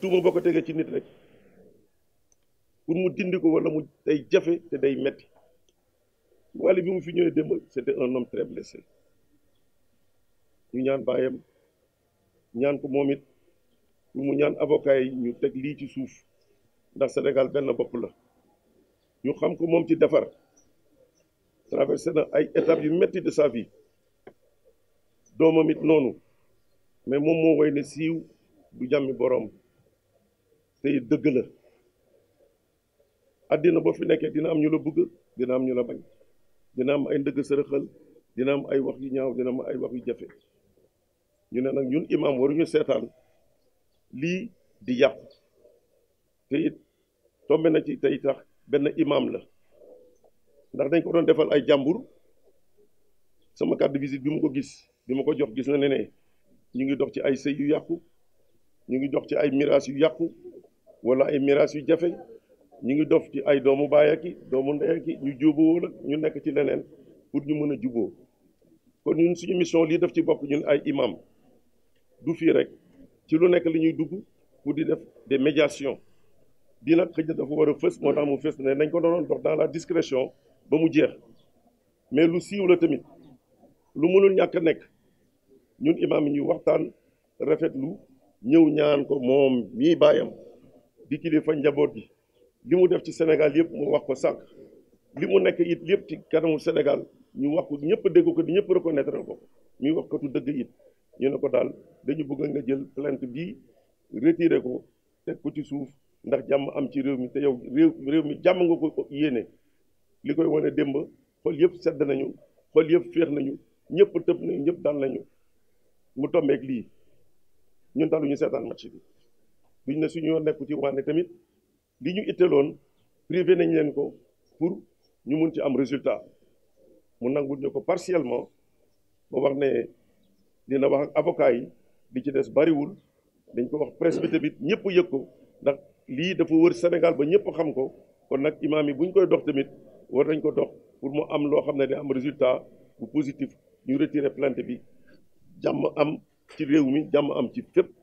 tuuma boo ko tegee ci nit rek pour mu dindi ko wala mu day jafe te day metti wàll bi mu fi ñëwee démb c'était un homme très blessé ñu ñaan baayam ñaan ko moom pour mu ñaan avocat yi ñu teg lii ci suuf ndax Sénégal benn bopp la ñu xam ko moom ci defar traversé na ay étapes yu metti de sa vie doomam it noonu mais moom moo woy ne siiw bu jàmmi borom te dëgg la àddina boo fi nekkee dina am ñu la bugg dina am ñu la bañ dina am ay ndëgg sërëxal dina am ay wax yu ñaaw dina am ay wax yu jafe ñu ne nag ñun imaam waruñu seetaan lii di yàqu te it tombe na ci tey tax benn imaam la ndax dañ ko doon defal ay jàmbur sama carte de visite bi mu ko gis bi ma ko jox gis na ne ñu ngi dox ci ay sëy yu yàqu ñu ngi dox ci ay miraas yu yàqu wala ay miraas yu jafe ñu ngi dof ci ay doomu baay ak i doomu ndey ñu juboo nag ñu nekk ci leneen pour ñu mën a juboo kon ñun suñu mission lii def ci bokk ñun ay imam du fii rek ci lu nekk li ñuy dugg pour di def des médiation bii nag na dafa war fës moo tax mu fës ne nañ ko doon dox dans la discrétion ba mu jeex mais lu siiw la tamit lu mënul ñàkk nekk ñun imam yi ñu waxtaan rafet lu ñëw ñaan ko moom mii baayam di kilifa njaboot gi li mu def ci Sénégal yëpp mu wax ko sànq li mu nekk it yëpp ci kanamu Sénégal ñu wax ko ñëpp dégg ko di ñëpp reconnaître ko muy wax ko tu dëgg it ñu ne ko daal dañu bëgg nga jël plainte bi retiré ko teg ko ci suuf ndax jàmm am ci réew mi te yow réew mi jàmm nga ko yéene li koy wane démb xool yëpp sedd nañu xool yëpp féex nañu ñëpp tëb nañu ñëpp daan nañu mu tombeek lii ñun daal ñu seetaan match bi duñ ne suñu yoon nekku ci wànne tamit li ñu itteeloon privé nañ leen ko pour ñu mun ci am résultat mu nangul ko partiellement ba wax ne dina wax ak avocat yi di ci des bariwul dañ ko wax presse tamit ñëpp yëg ko ndax lii dafa wër Sénégal ba ñëpp xam ko kon nag imaam yi buñ ñu koy dox tamit war nañ ko dox pour mu am loo xam ne dina am résultat bu positif ñu retirer plainte bi jàmm am ci réew mi jàmm am ci fépp